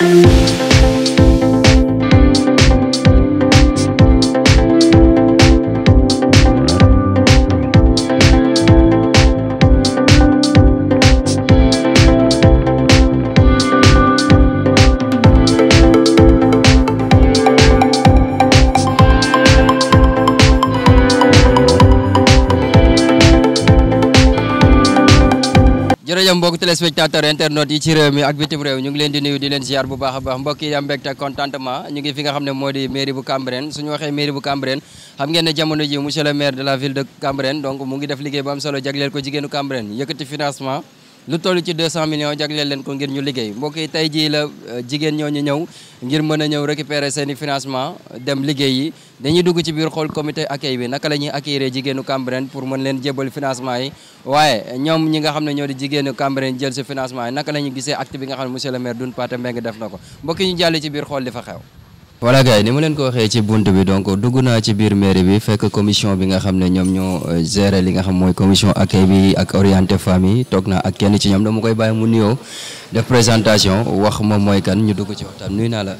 Thank you. téléspectateur internautes yi ci réew mi ak bitim réew ñu ngi leen di nuyu di leen ziar bu baax a baax contentement ñu fi nga xam ne moo di mairie bu Cambérène suñu waxee mairie bu Cambérène xam ngeen ne jamono ji monsieur le maire de la ville de Cambérène donc mu ngi def liggéey bu am jagleel ko jigéenu Cambérène yëkkati financement lu toll ci million millions jagleel leen ko ngir ñu liggéey mbokk yi tey jii la euh, jigéen ñoo ñu ñëw ngir mën a ñëw récupérer seen i financement dem liggéey yi dañuy dugg ci biir xool comité accueil bi naka la ñuy accueillir jigéenu Cambérène pour mën leen jébal financement yi waaye ñoom ñi nga xam ne ñoo di jigéenu Cambérène jël si financement yi naka la ñuy gisee acte bi nga xam ne monsieur le maire Doudou Pathé Mbengue def na ko mbokk ñu jàll ci biir xool li fa xew voilà gars yi ni ma leen ko waxee ci bunt bi donc dugg naa ci biir mairie bi fekk commission bi nga xam ne ñoom ñoo euh, gérer li nga xam mooy commission accueil bi ak orienté famille toog naa ak kenn ci ñoom dama koy bàyyi mu nuyoo def présentation wax ma mooy kan ñu dugg ci waxtaan nuyu naa la.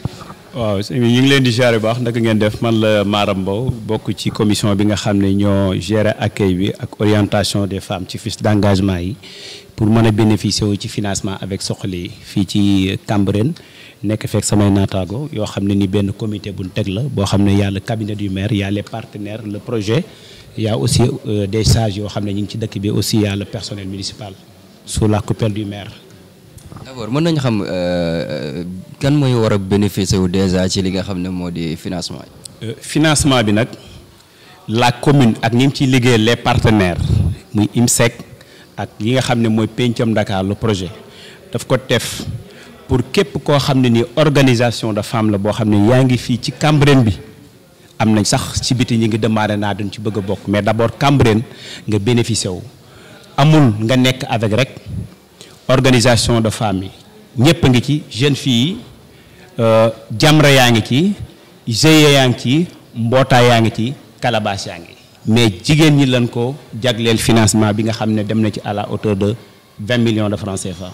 waaw sëñ bi leen di ziar baax naka ngeen def man la Mbow bokk ci commission bi nga xam ne ñoo gérer accueil bi ak orientation des femmes ci fiche d'engagement yi pour mën a bénéficier wu ci financement avec Soxali fii ci Cambérène. nekk fekk samay nataago yoo xam ne ni benn comité buñ teg la boo xam ne yàlla a le cabinet du maire y a les projet y aussi euh, des sages yoo xam ne ñu ngi ci dëkk bi aussi le personnel municipal sous la coupelle mën nañu xam euh, euh, kan mooy war a bénéficier wu déjà ci li nga xam ne moo di financement financement bi nag la commune ak ñi ci liggéey les partenaires muy IMSEC ak yi nga xam ne mooy pencam Dakar le projet daf ko def. pour képp koo xam ne ni organisation de femmes la boo xam ne yaa ngi fii ci Cambérène bi am nañ sax ci biti ñi ngi démarré naa duñ ci bëgg bokk mais d'abord Cambérène nga bénéficié wu amul nga nekk avec rek organisation de femmes yi ñëpp a ngi ci jeunes filles yi euh, Jamra yaa ngi ci GIE yaa ngi ci mbootaay yaa ngi ci Calebasse yaa ngi mais jigéen ñi lañ ko jagleel financement bi nga xam ne dem na ci à la hauteur de vingt millions de francs CFA.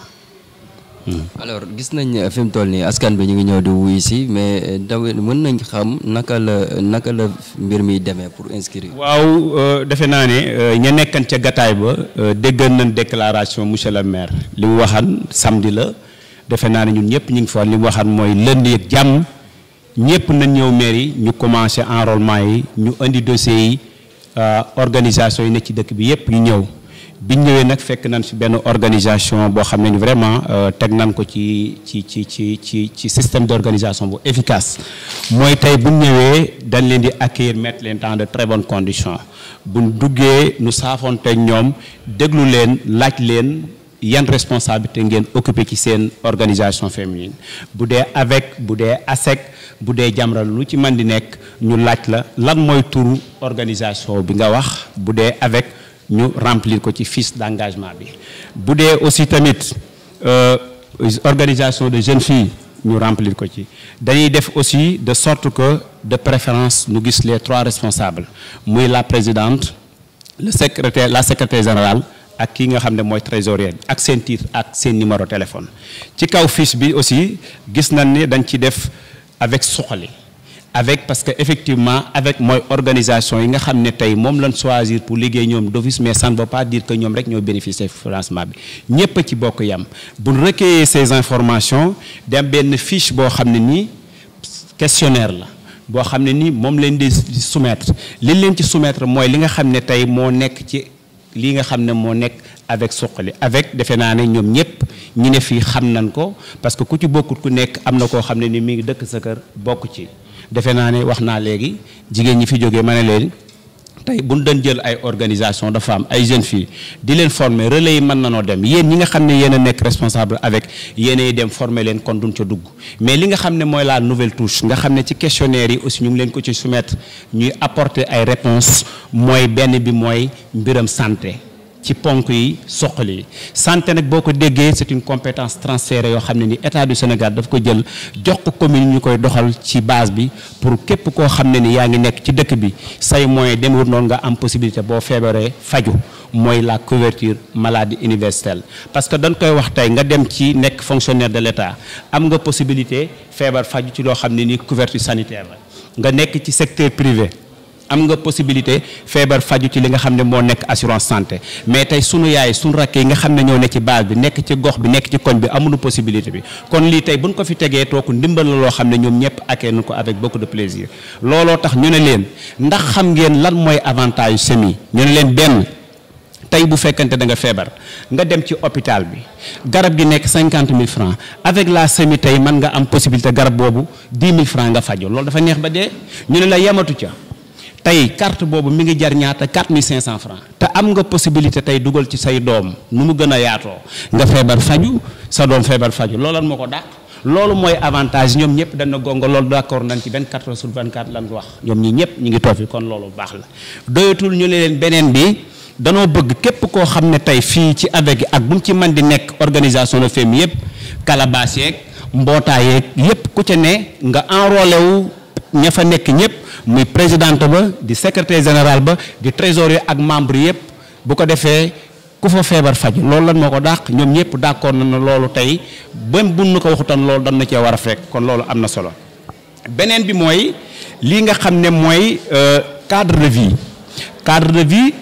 alors gis nañ fi mu toll nii askan bi ñu ngi ñëw di wuyu si mais eh, daw mën nañ xam naka la naka la mbir mi demee pour inscrire. waaw euh, defe naa ne euh, ña nekkan ca gataay ba euh, déggan nañ déclaration monsieur le maire li mu waxan samedi la defe naa ne ñun ñëpp ñu ngi fa li mu waxan mooy lënd yeeg jàmm ñëpp nañ ñëw maire yi ñu commencé enrôlement yi ñu indi dossiers yi organisation yi nekk ci dëkk bi yëpp ñu ñëw. biñ ñëwee nag fekk nañ fi benn organisation boo xam ne ni vraiment euh, teg nañ ko ci ci ci ci ci ci système d' organisation bu efficace mooy tey buñ ñëwee dañ leen di accueillir mettre leen dans de très bonnes conditions buñ duggee nu saafoonte ñoom déglu leen laaj leen yan responsabilité ngeen occupé ci seen organisation féminine bu dee avec bu dee ASEC bu dee Jamra lu ci man di nekk ñu laaj la lan mooy turu organisation bi nga wax bu dee avec ñu remplir ko ci fiche d'engagement bi bu dee aussi tamit euh, organisation de jeunes filles ñu remplir ko ci dañuy def aussi de sorte que de préférence ñu gis les trois responsables muy la présidente le secrétaire la secrétaire général ak ki nga xam ne mooy trésorier ak seen titre ak seen numéro téléphone ci kaw fiche bi aussi gis nañ ne dañ ci def avec suqali avec parce que effectivement avec mooy organisation yi nga xam ne tey moom lañ choisir pour liggéey ñoom d'office mais ça ne veut pas dire que ñoom rek ñoo bénéficier financement bi ñépp a ci bokk yam bu ñu recueillir ces informations dem benn fiche boo xam ne nii questionnaire la boo xam ne nii moom leen di soumettre li leen ci soumettre mooy li nga xam ne tey moo nekk ci lii nga xam ne moo nekk avec li avec defe naa ne ñoom ñëpp ñi ne fii xam nañ ko parce que ku ci bokkut ku nekk am na koo xam ne ni mi ngi dëkk sa kër bokk ci defe naa ne wax naa léegi jigéen ñi fi jógee ma ne leen tey bu ñu doon jël ay organisation de femmes ay jeunes filles di leen former relais yi mën na noo dem yéen ñi nga xam ne yéen a nekk responsable avec yéenay dem former leen kon duñ ca dugg mais li nga xam ne mooy la nouvelle touche nga xam ne ci questionnaire yi aussi ñu ngi leen ko ci soumettre ñuy apporter ay réponses mooy benn bi mooy mbiram santé. ci ponk yi soqali yi santé nag boo ko déggee c'est une compétence transférée yoo xam ne ni état du Sénégal dafa ko jël jox ko commune ñu koy doxal ci base bi pour képp koo xam ne ni yaa ngi nekk ci dëkk bi say moyens demewut noonu nga am possibilité boo feebaree faju mooy la couverture maladie universelle parce que dan koy wax tey nga dem ci nekk fonctionnaire de l'État am nga possibilité feebar faju ci loo xam ne ni couverture sanitaire la nga nekk ci secteur privé am nga possibilité feebar faju ci li nga xam ne moo nekk assurance santé mais tey sunu yaay sunu rakk nga xam ne ñoo ne ci base bi nekk ci gox bi nekk ci koñ bi amuñu possibilité bi kon lii tey buñ ko fi tegee toog ndimbal la loo xam ne ñoom ñëpp akee nañ ko avec beaucoup de plaisir looloo tax ñu ne leen ndax xam ngeen lan mooy avantage semi ñu ne leen benn tey bu fekkante da nga feebar nga dem ci hôpital bi garab gi nekk cinquante mille francs avec la semi tey mën nga am possibilité garab boobu dix mille nga faju loolu dafa neex ba ñu ne la yematu ca tey carte boobu mi ngi jar ñaata 4500 francs te am nga possibilité tey dugal ci say doom nu mu gën a yaatoo nga feebar faju sa doom feebar faju loolan moo ko dàq loolu mooy avantage ñoom ñëpp dana gongo loolu d'accord nañ ci 24 heures sur 24 lan wax ñoom ñi ñëpp ñu ngi toog fi kon loolu baax la doyatul ñu ne leen beneen bi danoo bëgg képp koo xam ne tey fii ci avec ak bu mu ci man di nekk organisation de femmes yëpp calabas yeeg mbootaay yeeg yëpp ña fa nekk ñëpp muy présidente ba di secretaire général ba di trésorier ak membre yëpp bu ko defee ku fa feebar faj loolu lan moo ko dàq ñoom ñëpp d'accord na na loolu tey bam bun na ko waxutan loolu dan na cee war a fekk kon loolu am na solo beneen bi mooy lii nga xam ne mooy euh, cadre de vie cadre de vie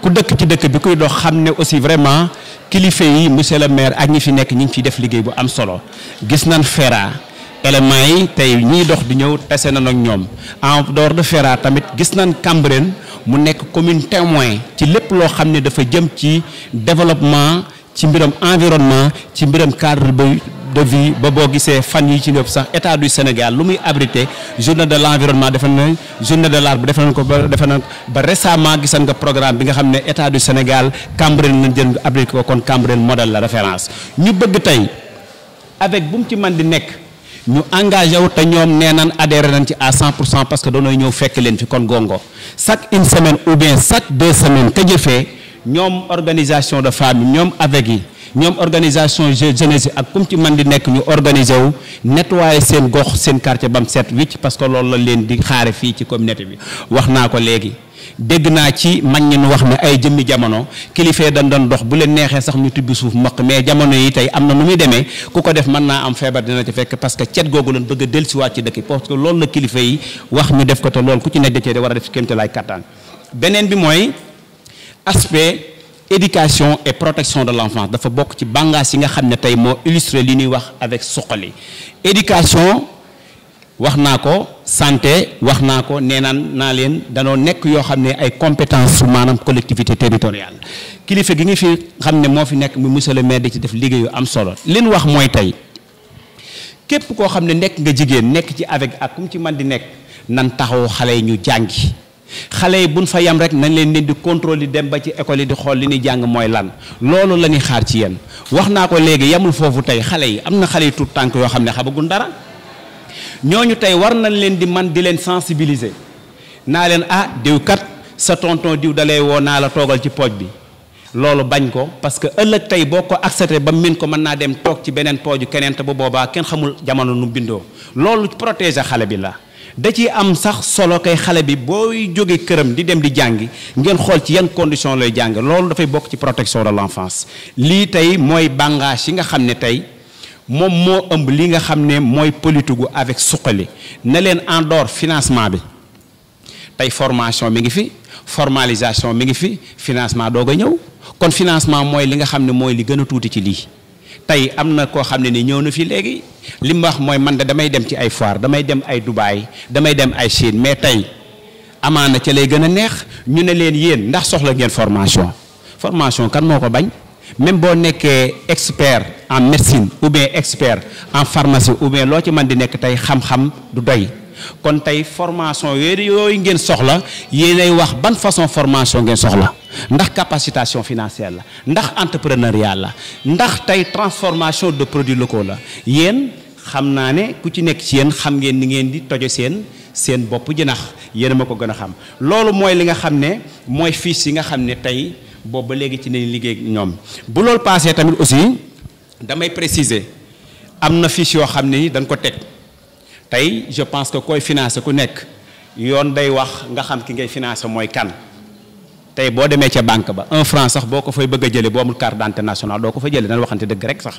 ku dëkk ci dëkk bi kuy dox xam ne aussi vraiment kilifa yi monsieur le maire ak ñi fi nekk ñi ngi ciy def liggéey bu am solo gis nañ FERA éléments yi tey ñiy dox di ñëw tase na nag ñoom en dehors de Fera tamit gis nañ Cambérène mu nekk commune témoin ci lépp loo xam ne dafa jëm ci développement ci mbiram environnement ci mbiram cadre bi de vie ba boo gisee fan yi ci ñëpp sax état du Sénégal lu muy abrité journée de l' environnement defe nañ journée de l' arbre defe nañ ko ba defe nañ ba récemment gisan nga programme bi nga xam ne état du Sénégal Cambérène nañ jël abrité ko kon Cambérène modèle la référence ñu bëgg tey avec bu mu ci man di nekk ñu engagé wu te ñoom nee nan adhéré nañ ci à cent pour cent parce que danooy ñëw fekk leen fi kon gongo chaque une semaine ou bien chaque deux semaines ka jëfee ñoom organisation de femmes yi ñoom avec yi ñoom organisation jeunesse yi ak kum ci man di nekk ñu organiser wu nettoyer seen gox seen quartier ba set wicc parce que loolu la leen di xaare fii ci communauté bi wax naa ko léegi dégg naa ci mag ñi wax ne ay jëmmi jamono kilifee dañ doon dox bu leen neexee sax ñu tibbi suuf mokk mais jamono yi am na nu muy demee ku ko def mën naa am feebar dina ci fekk parce que cet googu a dellusiwaat ci dëkk parce que loolu la kilifa yi wax ñu def ko te lool ku ci nekk da war a def kéemte laay kattan beneen bi mooy. aspect éducation et protection de l'enfance dafa bokk ci bàngaas yi nga xam ne tey moo illustré li ñuy wax avec suqali éducation wax naa ko sante wax naa ko nee naan naa leen danoo nekk yoo xam ne ay compétence su maanaam collectivité territoriale kilifa gi nga fi xam ne moo fi nekk mu monsieur le maire di ci def liggéeyu am solo li wax mooy tey képp koo xam ne nekk nga jigéen nekk ci avec ak kum ci man di nekk nan taxaw xale yi ñu jàngi xale yi buñ fa yam rek nañ leen leen di contrôle dem ba ci école yi di xool li ñuy jàng mooy lan loolu la ñuy xaar ci yéen wax naa ko léegi yamul foofu tey xale yi am na xale yi tuut tànk yoo xam ne xamaguñ dara ñooñu tey war nañ leen di man di leen sensibiliser naa leen ah diw kat sa tonton diw dalay woo naa la toogal ci pooj bi loolu bañ ko parce que ëllëg tey boo ko accepté ba min ko mën naa dem toog ci beneen pooju keneen te bu boobaa kenn xamul jamono nu bindoo loolu protéger xale bi la da ci am sax solo kay xale bi booy jógee këram di dem di jàngi ngeen xool ci yan condition lay jàng loolu dafay bokk ci protection de l'enfance lii tey mooy bàngaas yi nga xam ne tey moom moo ëmb lii nga xam ne mooy politigu avec suqali na leen en dehors financement bi tey formation mi ngi fi formalisation mi ngi fi financement doog ñëw kon financement mooy li nga xam ne mooy li gën a tuuti ci lii tey am na koo xam ne ni ñëw na fi léegi li mu wax mooy man de damay dem ci ay foire damay dem ay Dubaay damay dem ay Chine mais tey amaana ci lay gën a neex ñu ne leen yéen ndax soxla ngeen formation formation kan moo ko bañ même boo nekkee expert en médecine ou bien expert en pharmacie ou bien loo ci mën di nekk tey xam-xam du doy. kon tey formation yooyu yooyu ngeen soxla yéenay wax ban façon formation ngeen soxla ndax capacitation financière la ndax entrepreneuriat la ndax tey transformation de produits locaux la yéen xam naa ne ku ci nekk ci yéen xam ngeen ni ngeen di tojo seen seen bopp jinax yéen ma ko gën a xam loolu mooy li nga xam ne mooy fiche yi nga xam ne tey boobu ba léegi ci nañ liggéey ñoom bu loolu paasee tamit aussi damay préciser am na fiche yoo xam ne ni dañ ko teg tey je pense que koy financé ku nekk yoon day wax nga xam ki ngay financé mooy kan tey boo demee ca banque ba un franc sax boo ko fay bëgg a jëlee boo amul carte d'identité nationale doo ko fa jëlee dana waxante dëgg rek sax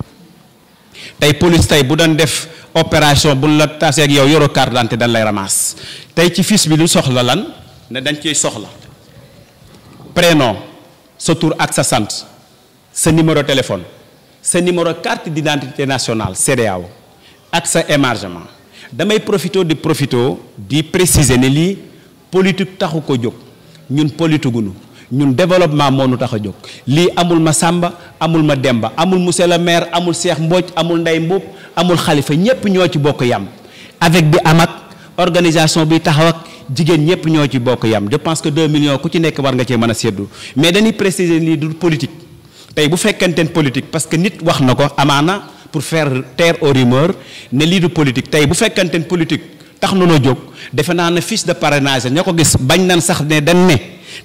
tey police tey bu doon def opération bu la tasee ak yow yoroo carte d'identité dañ lay ramasse tey ci fiche bi lu soxla lan ne dañ ciy soxla prénom sa tur ak sa sant sa numéro téléphone sa numéro carte d'identité nationale CEDEAO ak sa émargement damay profito di profito di préciser ne lii politique taxu ko jóg ñun politiguñu ñun développement moo nu tax a jóg lii amul ma Samba amul ma Demba amul monsieur le maire amul Cheikh Mbodj amul Ndeye Mboup amul xalifa ñëpp ñoo ci bokk yam avec bi am ak organisation bi taxaw ak jigéen ñëpp ñoo ci bokk yam je pense que 2 millions ku ci nekk war nga cee mën a séddu mais dañuy préciser nii du politique tey bu fekkenten politique parce que nit wax na ko amaana. pour faire taire aux rumeurs ne lii du politique tey bu fekkante ne tax na noo jóg defe naa ne fiche de parrainage ñoo ko gis bañ nañ sax ne dañ ne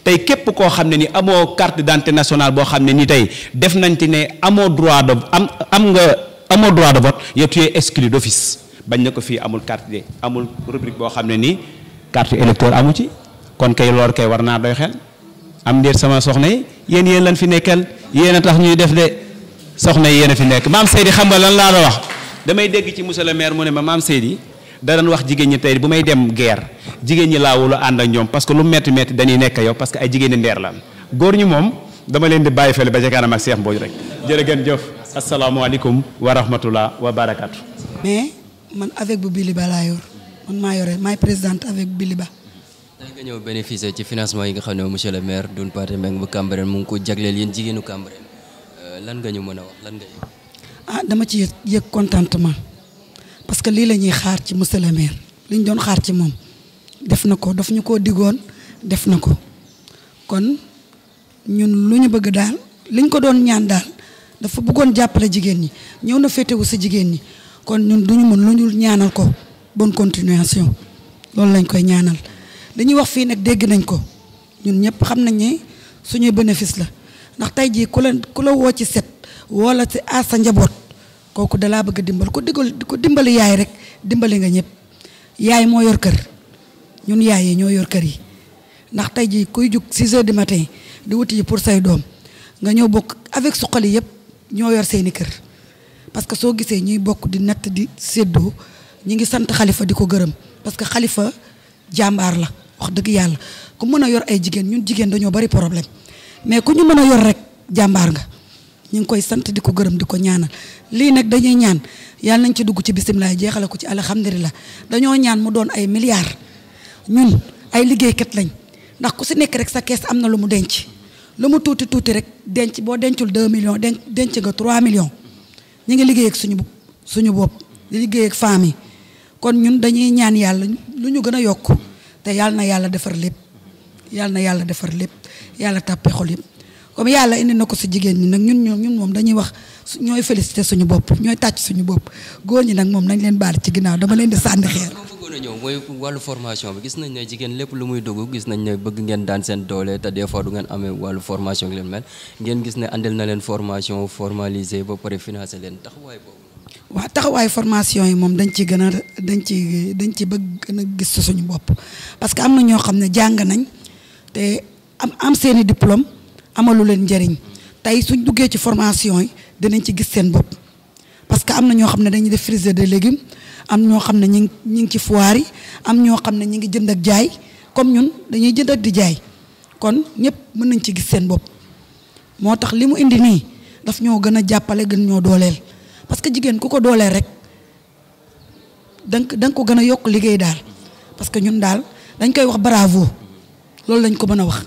tey képp koo xam ne ni amoo carte d'identité nationale boo xam ne nii tey def nañ ci ne amoo droit de am am nga amoo de vote yow tu bañ na ko fii amul carte de amul rubrique boo xam ne nii carte électeur amu ci kon kay lool kay war naa doy xel am ndéet sama soxna yi yéen yéen lañ fi nekkal yéen a tax ñuy def de. soxna yi yéen fi nekk maam Seydi xam nga lan laa la wax damay dégg ci monsieur le maire mu ne ma maam Seydi da doon wax jigéen ñi tey bu may dem guerre jigéen ñi laawulu ànd ak ñoom parce que lu metti metti dañuy nekk yow parce que ay jigéen ñi ndeer lan góor ñi moom dama leen di bàyyi fële ba ca kanam ak Cheikh Mbodj rek jërë ngeen jëf asalaamaaleykum wa rahmatullah wa barakatu mais man avec bu Bili Ba laa yor man maa yore maay présidente avec bu Bili Ba tey nga ñëw bénéficier ci financement yi nga xam ne monsieur le mu ngi ko jagleel yéen jigéenu Cambérène lan nga ñu mën a wax lan ah dama ci yëg contentement parce que lii la ñuy xaar ci monsieur le maire li ñu doon xaar ci moom def na ko daf ñu koo diggoon def na ko kon ñun lu ñu bëgg daal liñ ko doon ñaan daal dafa buggoon jàppale jigéen ñi ñëw na féetewu si jigéen ñi kon ñun duñu mën lu ñu ñaanal ko bon continuation loolu lañ koy ñaanal dañuy wax fii nag dégg nañ ko ñun ñëpp xam nañ ne suñuy bénéfice la ndax tey jii ku la ku la woo ci set woo la ci aar sa njaboot kooku dalaa bëgg a dimbal ku digal ku dimbali yaay rek dimbali nga ñëpp yaay moo yor kër ñun yaay yi ñoo yor kër yi ndax tey jii kuy jug 6 heures du matin di wuti yi pour say doom nga ñëw bokk avec suqali yëpp ñoo yor seeni kër parce que soo gisee ñuy bokk di natt di séddoo ñu ngi sant xalifa di ko gërëm parce que xalifa jàmbaar la wax dëgg yàlla ku mën a yor ay jigéen ñun jigéen dañoo bari problème mais ku ñu mën a yor rek jàmbaar nga ñu ngi koy sant di ko gërëm di ko ñaanal lii nag dañuy ñaan yàlla nañ ci dugg ci bisimilah jeexale ko ci alhamdulilah dañoo ñaan mu doon ay milliards ñun ay liggéeykat lañ ndax ku si nekk rek sa kees am na lu mu denc lu mu tuuti tuuti rek denc boo dencul 2 millions denc denc nga 3 millions ñu ngi liggéey ak suñu suñu bopp di ak femmes yi kon ñun dañuy ñaan yàlla lu ñu gën a yokk te yàlla na yàlla defar lépp. yàlla na yàlla defar lépp yàlla tàppe xol yëpp comme yàlla indi na ko si jigéen ñi nag ñun ñoom ñun moom dañuy wax ñooy félicité suñu bopp ñooy tàcc suñu bopp góor ñi nag moom dañ leen baal ci ginnaaw dama leen di sànni xeer. bëggoon a formation bi gis nañ ne jigéen lépp lu muy dugg gis nañ ne bëgg ngeen daan seen doole te des fois du ngeen wàllu formation leen mel ngeen gis ne andel na leen formation formalisé ba financé leen taxawaay boobu. waaw taxawaay formation yi moom dañ ci gën a dañ ci dañ ci bëgg gën a gis suñu bopp parce que am na ñoo xam ne jàng nañ te am am seeni i amalu leen njëriñ tey suñ duggee ci formation yi dinañ ci gis seen bopp parce que am na ñoo xam ne dañuy def frise de légumes am ñoo xam ne ñu ngi ñu ngi ci foire yi am ñoo xam ne ñu ngi jënd ak jaay comme ñun dañuy jënd ak di jaay kon ñëpp mën nañ ci gis seen bopp moo tax li mu indi nii daf ñoo gën a jàppale gën ñoo dooleel parce que jigéen ku ko dooleel rek danga da ko gën a yokk liggéey daal parce que ñun daal dañ koy wax bravo loolu lañ ko mën a wax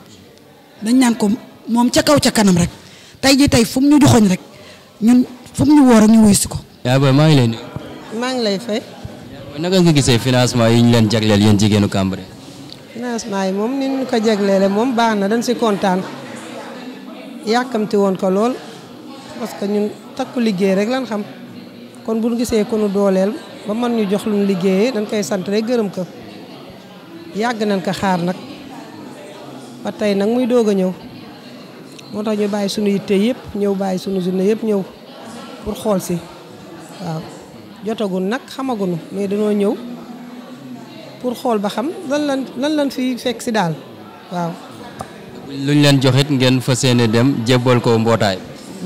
dañ naan ko moom ca kaw ca kanam rek tey jii tey fu ñu joxoñ rek ñun fu mu ñu woo rek ñu wuyu si ko. maa ngi leen nuyu. maa ngi lay fay. naka nga gisee financement yi ñu leen jagleel yéen jigéenu Cambérène. financement yi moom ni ñu ko jagleele moom baax na dañ si kontaan yàkkamti woon ko lool parce que ñun takku liggéey rek lan xam kon bu ñu gisee ku dooleel ba man ñu jox lu liggéeye dañ koy sant rek gërëm ko yàgg nañ ko xaar nag. ba tey nag muy doog a ñëw moo tax ñu bàyyi suñu yitte yëpp ñëw bàyyi suñu journée yëpp ñëw pour xool si waaw jotagun nag xamaguñu mais dañoo ñëw pour xool ba xam lan lan lan lan fi fekk si daal waaw. luñ leen joxit ngeen fa yéene dem jébbal ko mbootaay.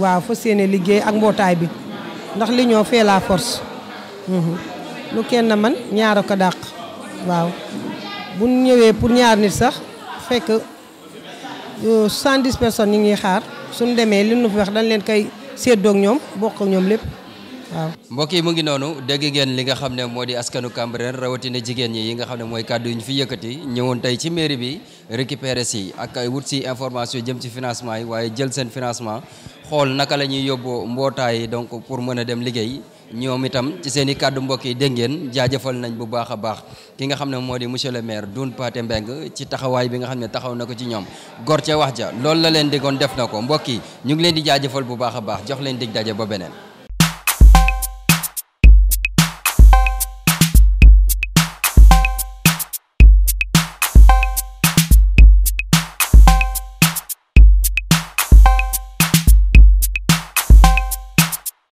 waaw fa yéene liggéey ak mbootaay bi ndax li ñoo fee laa force mhm. lu kenn man ñaara ko dàq waaw bu ñëwee pour ñaar nit sax fekk. 70 personnes ñu ngi xaar suñu demee li nu fi wax dañ leen koy séddoog ñoom bokk ñoom lépp waaw. mbokk yi mu ngi noonu dégg ngeen li nga xam ne moo di askanu Cambérène rawatina jigéen ñi yi nga xam ne mooy kàddu yi ñu fi yëkkati ñëwoon tey ci mairie bi récupérer si ak ay wut si information jëm ci financement yi waaye jël seen financement. xool naka la ñuy yóbboo mbootaay donc pour mën a dem liggéey ñoom itam ci seen i kàddu mbokk yi dégg ngeen jaajëfal nañ bu baax a baax ki nga xam ne moo di monsieur le maire Doudou Pathé Mbengue ci taxawaay bi nga xam ne taxaw na ko ci ñoom gor ca wax ja loolu la leen diggoon def na ko mbokk yi ñu ngi leen di jaajëfal bu baax a baax jox leen dig daje ba beneen